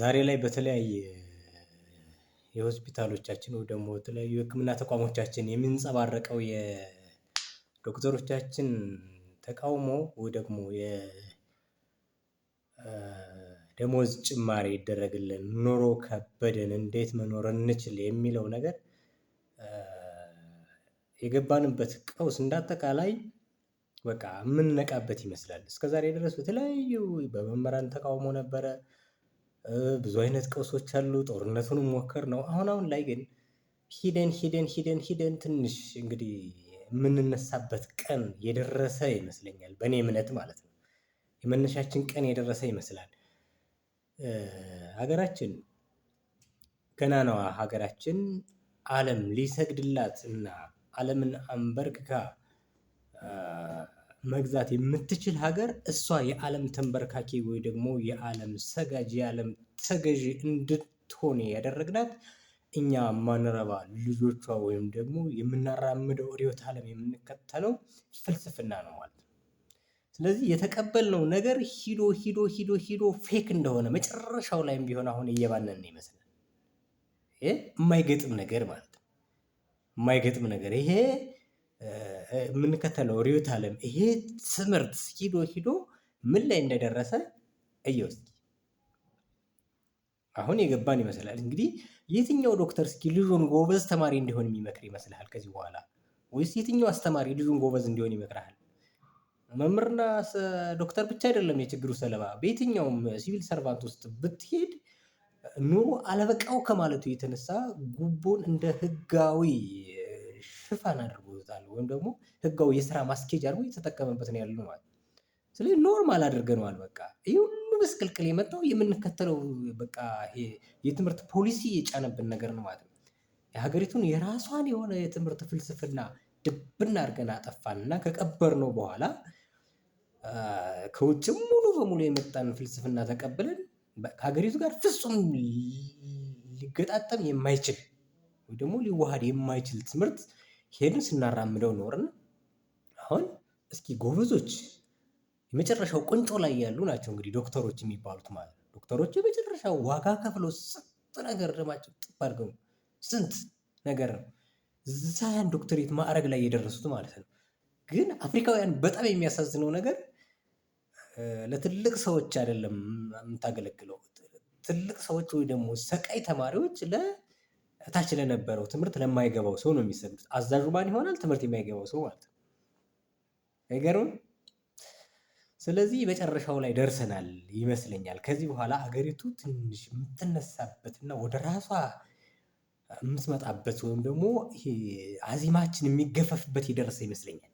ዛሬ ላይ በተለያየ የሆስፒታሎቻችን ወይ ደግሞ የተለያዩ የህክምና ተቋሞቻችን የሚንጸባረቀው የዶክተሮቻችን ተቃውሞ ወይ ደግሞ የደሞዝ ጭማሪ ይደረግልን፣ ኑሮ ከበደን፣ እንዴት መኖር እንችል የሚለው ነገር የገባንበት ቀውስ እንዳጠቃላይ በቃ የምንነቃበት ይመስላል። እስከዛሬ ድረስ በተለያዩ በመምህራን ተቃውሞ ነበረ። ብዙ አይነት ቀውሶች አሉ። ጦርነቱን ሞከር ነው። አሁን አሁን ላይ ግን ሂደን ሂደን ሂደን ሂደን ትንሽ እንግዲህ የምንነሳበት ቀን የደረሰ ይመስለኛል፣ በእኔ እምነት ማለት ነው። የመነሻችን ቀን የደረሰ ይመስላል። ሀገራችን ገናነዋ ሀገራችን ዓለም ሊሰግድላት እና ዓለምን አንበርክካ መግዛት የምትችል ሀገር እሷ የዓለም ተንበርካኪ ወይ ደግሞ የዓለም ሰጋጅ የዓለም ተገዢ እንድትሆን ያደረግናት እኛ ማንረባ ልጆቿ ወይም ደግሞ የምናራምደው ርዕዮተ ዓለም የምንከተለው ፍልስፍና ነው ማለት ነው። ስለዚህ የተቀበልነው ነገር ሂዶ ሂዶ ሂዶ ሂዶ ፌክ እንደሆነ መጨረሻው ላይም ቢሆን አሁን እየባነን ይመስላል። የማይገጥም ነገር ማለት ነው። የማይገጥም ነገር ይሄ የምንከተለው ርዕዮተ ዓለም ይሄ ትምህርት ሂዶ ሂዶ ምን ላይ እንደደረሰ እየው አሁን የገባን ይመስላል። እንግዲህ የትኛው ዶክተር እስኪ ልጁን ጎበዝ ተማሪ እንዲሆን የሚመክር ይመስልሃል ከዚህ በኋላ? ወይስ የትኛው አስተማሪ ልጁን ጎበዝ እንዲሆን ይመክርሃል? መምህርና ዶክተር ብቻ አይደለም የችግሩ ሰለባ። በየትኛውም ሲቪል ሰርቫንት ውስጥ ብትሄድ ኑሮ አለበቃው ከማለቱ የተነሳ ጉቦን እንደ ህጋዊ? ሽፋን አድርጎታል ወይም ደግሞ ህጋዊ የስራ ማስኬጅ አድርጎ እየተጠቀመበት ነው ያሉ ማለት ስለዚህ ኖርማል አድርገነዋል በቃ ይህ ሁሉ ምስቅልቅል የመጣው የምንከተለው በቃ የትምህርት ፖሊሲ የጫነብን ነገር ነው ማለት ነው። የሀገሪቱን የራሷን የሆነ የትምህርት ፍልስፍና ድብን አድርገን አጠፋንና ነው በኋላ ከውጭም ሙሉ በሙሉ የመጣን ፍልስፍና ተቀብለን ከሀገሪቱ ጋር ፍጹም ሊገጣጠም የማይችል ወይ ደግሞ ሊዋሃድ የማይችል ትምህርት ሄድን ስናራምደው ኖርን። አሁን እስኪ ጎበዞች የመጨረሻው ቁንጮ ላይ ያሉ ናቸው እንግዲህ ዶክተሮች የሚባሉት ማለት ነው። ዶክተሮች የመጨረሻው ዋጋ ከፍለው ስንት ነገር ደማቸው ጥብ አድርገው ስንት ነገር ነው ዶክተሬት ማዕረግ ላይ የደረሱት ማለት ነው። ግን አፍሪካውያን በጣም የሚያሳዝነው ነገር ለትልቅ ሰዎች አይደለም የምታገለግለው። ትልቅ ሰዎች ወይ ደግሞ ሰቃይ ተማሪዎች ለ እታች ለነበረው ትምህርት ለማይገባው ሰው ነው የሚሰዱት። አዛዡ ማን ይሆናል? ትምህርት የማይገባው ሰው ማለት ነው። አይገርም? ስለዚህ መጨረሻው ላይ ደርሰናል ይመስለኛል። ከዚህ በኋላ ሀገሪቱ ትንሽ የምትነሳበትና ወደ ራሷ የምትመጣበት ወይም ደግሞ አዚማችን የሚገፈፍበት የደረሰ ይመስለኛል።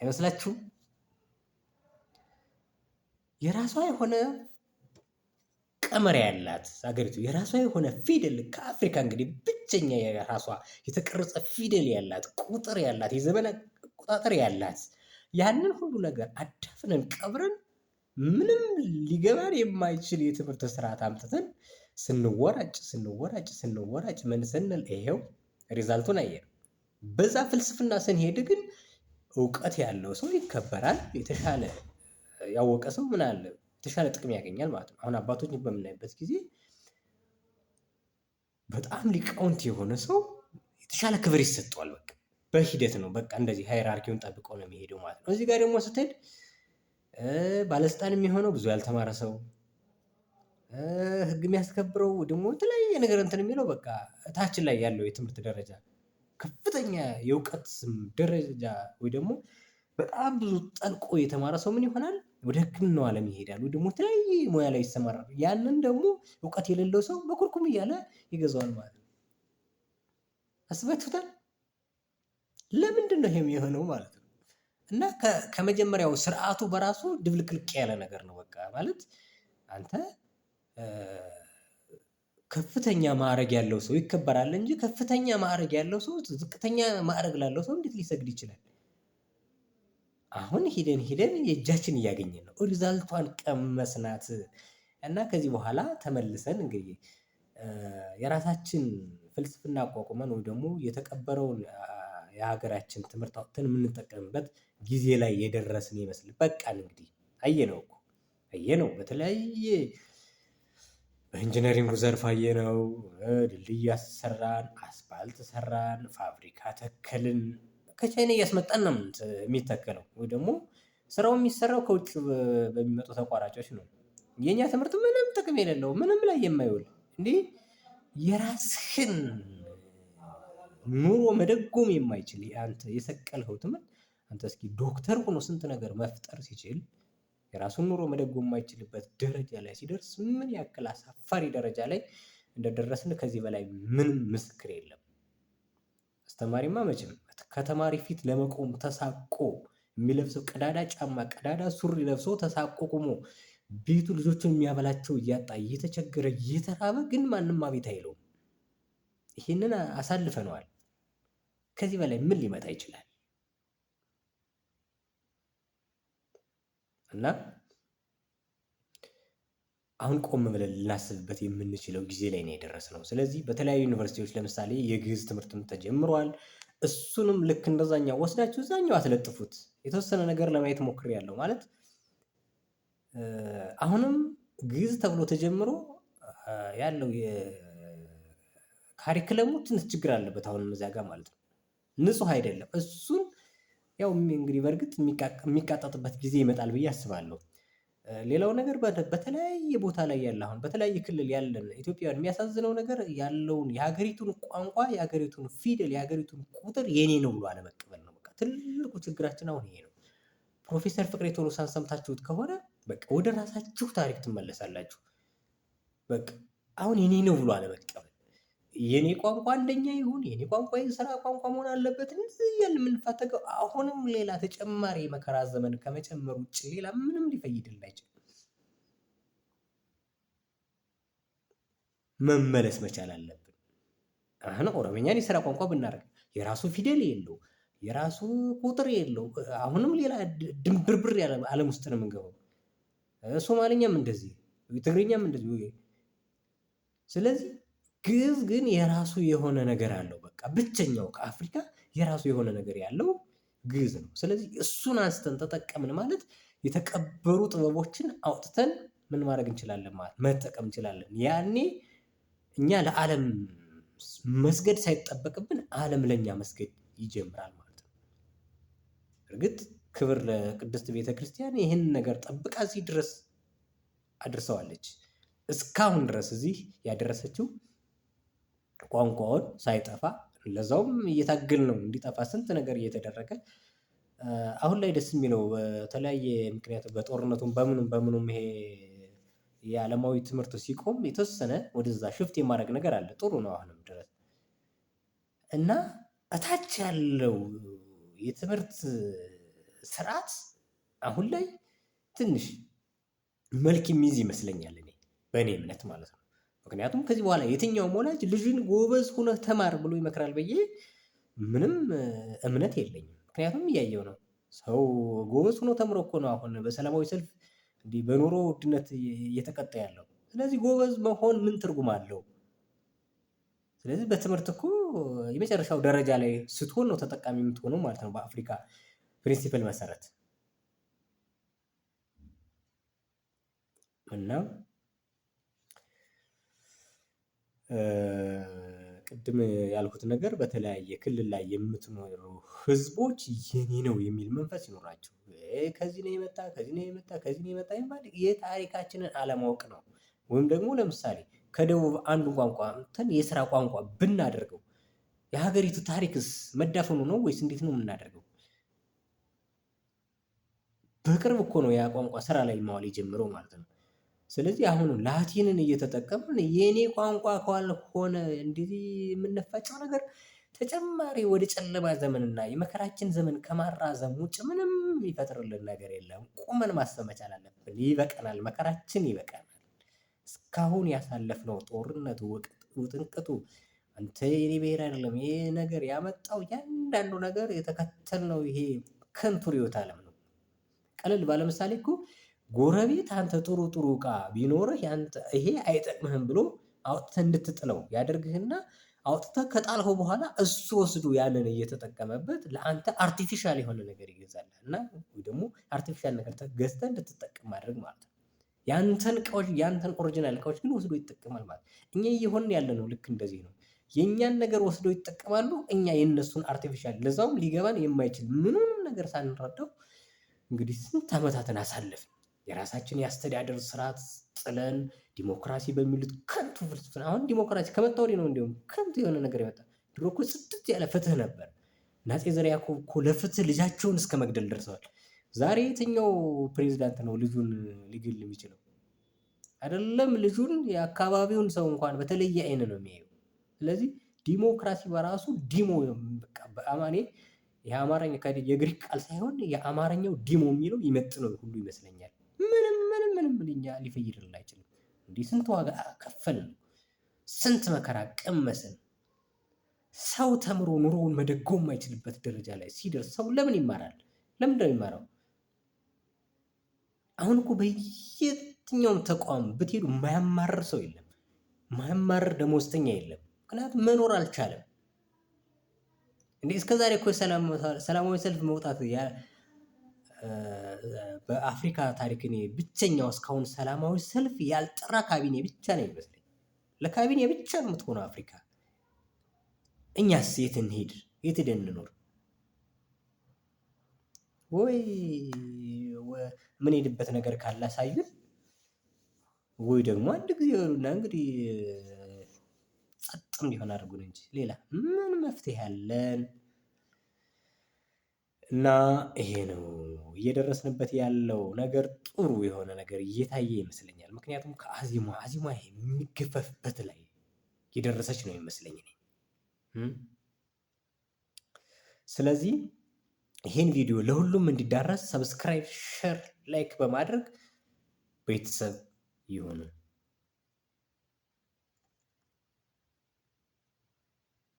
አይመስላችሁም? የራሷ የሆነ ቀመሪያ ያላት ሀገሪቱ የራሷ የሆነ ፊደል ከአፍሪካ እንግዲህ ብቸኛ የራሷ የተቀረጸ ፊደል ያላት ቁጥር ያላት የዘመን አቆጣጠር ያላት ያንን ሁሉ ነገር አዳፍነን ቀብረን ምንም ሊገባን የማይችል የትምህርት ስርዓት አምጥተን ስንወራጭ ስንወራጭ ስንወራጭ መንሰነል ይሄው ሪዛልቱን አየን። በዛ ፍልስፍና ስንሄድ ግን እውቀት ያለው ሰው ይከበራል። የተሻለ ያወቀ ሰው ምን አለ የተሻለ ጥቅም ያገኛል ማለት ነው። አሁን አባቶች በምናይበት ጊዜ በጣም ሊቃውንት የሆነ ሰው የተሻለ ክብር ይሰጠዋል። በቃ በሂደት ነው። በቃ እንደዚህ ሃይራርኪውን ጠብቆ ነው የሚሄደው ማለት ነው። እዚህ ጋር ደግሞ ስትሄድ ባለስልጣን የሚሆነው ብዙ ያልተማረ ሰው፣ ህግ የሚያስከብረው ደግሞ የተለያየ ነገር እንትን የሚለው በቃ እታችን ላይ ያለው የትምህርት ደረጃ ከፍተኛ የእውቀት ደረጃ ወይ ደግሞ በጣም ብዙ ጠልቆ የተማረ ሰው ምን ይሆናል? ወደ ህክምናው ዓለም ይሄዳል ወይ ደግሞ ተለያየ ሙያ ላይ ይሰማራል። ያንን ደግሞ እውቀት የሌለው ሰው በኩርኩም እያለ ይገዛዋል ማለት ነው። ለምንድን ለምንድነው ይሄም የሆነው ማለት ነው? እና ከመጀመሪያው ስርዓቱ በራሱ ድብልቅልቅ ያለ ነገር ነው። በቃ ማለት አንተ ከፍተኛ ማዕረግ ያለው ሰው ይከበራል እንጂ ከፍተኛ ማዕረግ ያለው ሰው ዝቅተኛ ማዕረግ ላለው ሰው እንዴት ሊሰግድ ይችላል? አሁን ሂደን ሂደን የእጃችን እያገኘ ነው ሪዛልቷን ቀመስናት እና ከዚህ በኋላ ተመልሰን እንግዲህ የራሳችን ፍልስፍና አቋቁመን ወይ ደግሞ የተቀበረውን የሀገራችን ትምህርት አውጥተን የምንጠቀምበት ጊዜ ላይ የደረስን ይመስል በቃን። እንግዲህ አየነው እኮ አየነው፣ በተለያየ በኢንጂነሪንጉ ዘርፍ አየነው። ድልድይ አሰራን፣ አስፋልት ሰራን፣ ፋብሪካ ተከልን። ከቻይና እያስመጣን ነው የሚተከለው ወይ ደግሞ ስራው የሚሰራው ከውጭ በሚመጡ ተቋራጮች ነው። የኛ ትምህርት ምንም ጥቅም የሌለው ምንም ላይ የማይውል እንዴ የራስህን ኑሮ መደጎም የማይችል አንተ የሰቀልኸው ትምህርት አንተ እስኪ ዶክተር ሆኖ ስንት ነገር መፍጠር ሲችል የራሱን ኑሮ መደጎም የማይችልበት ደረጃ ላይ ሲደርስ ምን ያክል አሳፋሪ ደረጃ ላይ እንደደረስን ከዚህ በላይ ምንም ምስክር የለም። አስተማሪማ መቼም ከተማሪ ፊት ለመቆም ተሳቆ የሚለብሰው ቀዳዳ ጫማ ቀዳዳ ሱሪ ለብሶ ተሳቆ ቆሞ ቤቱ ልጆቹን የሚያበላቸው እያጣ እየተቸገረ እየተራበ ግን ማንም አቤት አይለውም። ይህንን አሳልፈነዋል። ከዚህ በላይ ምን ሊመጣ ይችላል? እና አሁን ቆም ብለን ልናስብበት የምንችለው ጊዜ ላይ ነው የደረስነው። ስለዚህ በተለያዩ ዩኒቨርሲቲዎች ለምሳሌ የግዕዝ ትምህርትም ተጀምሯል። እሱንም ልክ እንደዛኛው ወስዳችሁ እዛኛው አትለጥፉት። የተወሰነ ነገር ለማየት ሞክር ያለው ማለት አሁንም ግዕዝ ተብሎ ተጀምሮ ያለው የካሪክለሙ ትንሽ ችግር አለበት። አሁንም እዚያ ጋር ማለት ነው ንጹህ አይደለም። እሱን ያው እንግዲህ በእርግጥ የሚቃጠጥበት ጊዜ ይመጣል ብዬ አስባለሁ። ሌላው ነገር በተለያየ ቦታ ላይ ያለ አሁን በተለያየ ክልል ያለን ኢትዮጵያን የሚያሳዝነው ነገር ያለውን የሀገሪቱን ቋንቋ የሀገሪቱን ፊደል የሀገሪቱን ቁጥር የኔ ነው ብሎ አለመቀበል ነው። በቃ ትልቁ ችግራችን አሁን ይሄ ነው። ፕሮፌሰር ፍቅሬ ቶሎሳን ሰምታችሁት ከሆነ በቃ ወደ ራሳችሁ ታሪክ ትመለሳላችሁ። በቃ አሁን የኔ ነው ብሎ አለመቀበል የኔ ቋንቋ አንደኛ ይሁን የኔ ቋንቋ የስራ ቋንቋ መሆን አለበት እንደዚህ የምንፈተገው አሁንም ሌላ ተጨማሪ የመከራ ዘመን ከመጨመር ውጭ ሌላ ምንም ሊፈይድልን አይችልም። መመለስ መቻል አለብን። አሁን ኦሮምኛን የስራ ቋንቋ ብናደርግ የራሱ ፊደል የለው የራሱ ቁጥር የለው። አሁንም ሌላ ድንብርብር ያለ ዓለም ውስጥ ነው የምንገባው። ሶማሌኛም እንደዚህ፣ ትግርኛም እንደዚህ። ስለዚህ ግዕዝ ግን የራሱ የሆነ ነገር አለው። በቃ ብቸኛው ከአፍሪካ የራሱ የሆነ ነገር ያለው ግዕዝ ነው። ስለዚህ እሱን አንስተን ተጠቀምን ማለት የተቀበሩ ጥበቦችን አውጥተን ምን ማድረግ እንችላለን ማለት መጠቀም እንችላለን። ያኔ እኛ ለዓለም መስገድ ሳይጠበቅብን ዓለም ለእኛ መስገድ ይጀምራል ማለት ነው። እርግጥ ክብር ለቅድስት ቤተ ክርስቲያን ይህን ነገር ጠብቃ እዚህ ድረስ አድርሰዋለች። እስካሁን ድረስ እዚህ ያደረሰችው ቋንቋውን ሳይጠፋ ለዛውም እየታገል ነው እንዲጠፋ ስንት ነገር እየተደረገ አሁን ላይ ደስ የሚለው በተለያየ ምክንያት በጦርነቱም በምኑም በምኑም ይሄ የዓለማዊ ትምህርቱ ሲቆም የተወሰነ ወደዛ ሽፍት የማድረግ ነገር አለ። ጥሩ ነው አሁንም ድረስ እና እታች ያለው የትምህርት ስርዓት አሁን ላይ ትንሽ መልክ የሚይዝ ይመስለኛል እኔ በእኔ እምነት ማለት ነው። ምክንያቱም ከዚህ በኋላ የትኛውም ወላጅ ልጅን ጎበዝ ሁነህ ተማር ብሎ ይመክራል ብዬ ምንም እምነት የለኝም። ምክንያቱም እያየው ነው። ሰው ጎበዝ ሁኖ ተምሮ እኮ ነው አሁን በሰላማዊ ሰልፍ እንዲህ በኑሮ ውድነት እየተቀጠ ያለው። ስለዚህ ጎበዝ መሆን ምን ትርጉም አለው? ስለዚህ በትምህርት እኮ የመጨረሻው ደረጃ ላይ ስትሆን ነው ተጠቃሚ የምትሆነው ማለት ነው በአፍሪካ ፕሪንሲፕል መሰረት እና ቅድም ያልኩት ነገር በተለያየ ክልል ላይ የምትኖሩ ህዝቦች የኔ ነው የሚል መንፈስ ይኖራቸው። ከዚህ ነው የመጣ ከዚህ ነው የመጣ ከዚህ ነው የመጣ የሚባል የታሪካችንን አለማወቅ ነው። ወይም ደግሞ ለምሳሌ ከደቡብ አንዱ ቋንቋ እንትን የስራ ቋንቋ ብናደርገው የሀገሪቱ ታሪክስ መዳፈኑ ነው ወይስ እንዴት ነው የምናደርገው? በቅርብ እኮ ነው ያ ቋንቋ ስራ ላይ ማዋል የጀምረው ማለት ነው። ስለዚህ አሁን ላቲንን እየተጠቀምን የእኔ ቋንቋ ካልሆነ እንደዚህ የምነፋቸው ነገር ተጨማሪ ወደ ጨለማ ዘመንና የመከራችን ዘመን ከማራዘም ውጭ ምንም ይፈጥርልን ነገር የለም። ቁመን ማሰብ መቻል አለብን። ይበቀናል፣ መከራችን ይበቀናል። እስካሁን ያሳለፍነው ጦርነቱ፣ ውጥንቅቱ አንተ የኔ ብሔር አይደለም ይሄ ነገር ያመጣው እያንዳንዱ ነገር የተከተልነው ይሄ ከንቱ ርዕዮተ ዓለም ነው። ቀለል ባለምሳሌ እኮ ጎረቤት አንተ ጥሩ ጥሩ እቃ ቢኖርህ ያንተ ይሄ አይጠቅምህም ብሎ አውጥተህ እንድትጥለው ያደርግህና አውጥተህ ከጣልኸው በኋላ እሱ ወስዶ ያንን እየተጠቀመበት ለአንተ አርቲፊሻል የሆነ ነገር ይገዛል እና ወይ ደግሞ አርቲፊሻል ነገር ገዝተህ እንድትጠቀም ማድረግ ማለት ነው። ያንተን እቃዎች ያንተን ኦሪጅናል እቃዎች ግን ወስዶ ይጠቀማል ማለት እኛ ያለ ነው ልክ እንደዚህ ነው። የእኛን ነገር ወስዶ ይጠቀማሉ እኛ የእነሱን አርቲፊሻል ለዛውም ሊገባን የማይችል ምንም ነገር ሳንረዳው እንግዲህ ስንት ዓመታትን አሳለፍን። የራሳችን የአስተዳደር ስርዓት ጥለን ዲሞክራሲ በሚሉት ከንቱ ፍልስፍና አሁን ዲሞክራሲ ከመጣ ወዲህ ነው እንዲሁም ከንቱ የሆነ ነገር ይመጣ። ድሮ እኮ ጽድት ያለ ፍትህ ነበር። ናጼ ዘርዓ ያዕቆብ እኮ ለፍትህ ልጃቸውን እስከ መግደል ደርሰዋል። ዛሬ የትኛው ፕሬዚዳንት ነው ልጁን ሊግል የሚችለው? አይደለም ልጁን የአካባቢውን ሰው እንኳን በተለየ አይን ነው የሚያየው። ስለዚህ ዲሞክራሲ በራሱ ዲሞ በአማኔ የአማርኛ የግሪክ ቃል ሳይሆን የአማርኛው ዲሞ የሚለው ይመጥ ነው ሁሉ ይመስለኛል። ምንም ምንም ምንም ልኛ ሊፈይድልን አይችልም። እንዲህ ስንት ዋጋ ከፈልን፣ ስንት መከራ ቀመስን። ሰው ተምሮ ኑሮውን መደጎም የማይችልበት ደረጃ ላይ ሲደርስ ሰው ለምን ይማራል? ለምን ነው የሚማረው? አሁን እኮ በየትኛውም ተቋም ብትሄዱ ማያማርር ሰው የለም፣ ማያማርር ደሞዝተኛ የለም። ምክንያቱም መኖር አልቻለም። እንዲህ እስከዛሬ እኮ ሰላማዊ ሰልፍ መውጣት በአፍሪካ ታሪክ ብቸኛው እስካሁን ሰላማዊ ሰልፍ ያልጠራ ካቢኔ ብቻ ነው ይመስለኝ። ለካቢኔ ብቻ የምትሆነው አፍሪካ። እኛስ የት እንሄድ? የት ሄደን እንኖር? ወይ ምን ሄድበት ነገር ካላሳዩን፣ ወይ ደግሞ አንድ ጊዜ በሉና እንግዲህ ጸጥም ሊሆን አድርጉን እንጂ ሌላ ምን መፍትሄ አለን? እና ይሄ ነው እየደረስንበት ያለው ነገር ጥሩ የሆነ ነገር እየታየ ይመስለኛል። ምክንያቱም ከአዚሟ አዚሟ የሚገፈፍበት ላይ የደረሰች ነው ይመስለኝ ስለዚህ ይህን ቪዲዮ ለሁሉም እንዲዳረስ ሰብስክራይብ፣ ሸር፣ ላይክ በማድረግ ቤተሰብ ይሁኑ።